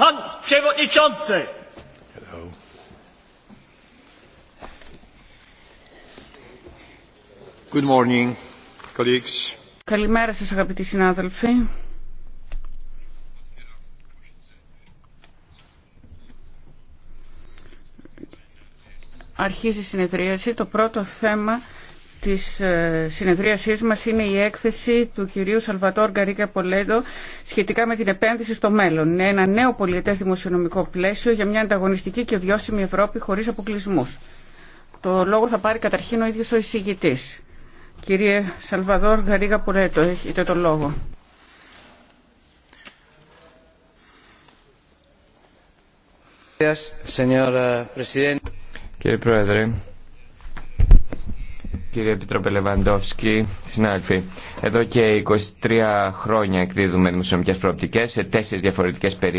Pan Przewodniczący! Hello. Good morning, colleagues. Καλημέρα σας αγαπητοί συνάδελφοι. Αρχίζει η συνεδρίαση. Το πρώτο θέμα της ε, συνεδρίασής μας είναι η έκθεση του κυρίου Σαλβατόρ Γκαρίκα Πολέντο σχετικά με την επένδυση στο μέλλον. Είναι ένα νέο πολιετές δημοσιονομικό πλαίσιο για μια ανταγωνιστική και βιώσιμη Ευρώπη χωρίς αποκλεισμού. Το λόγο θα πάρει καταρχήν ο ίδιος ο εισηγητής. Κύριε Σαλβαδόρ Γκαρίγα Πολέντο έχετε το λόγο. Κύριε Πρόεδρε, Κύριε Επιτρόπε Λεβαντόφσκι, συνάδελφοι, εδώ και 23 χρόνια εκδίδουμε δημοσιονομικέ προοπτικές σε τέσσερις διαφορετικές περιόδους.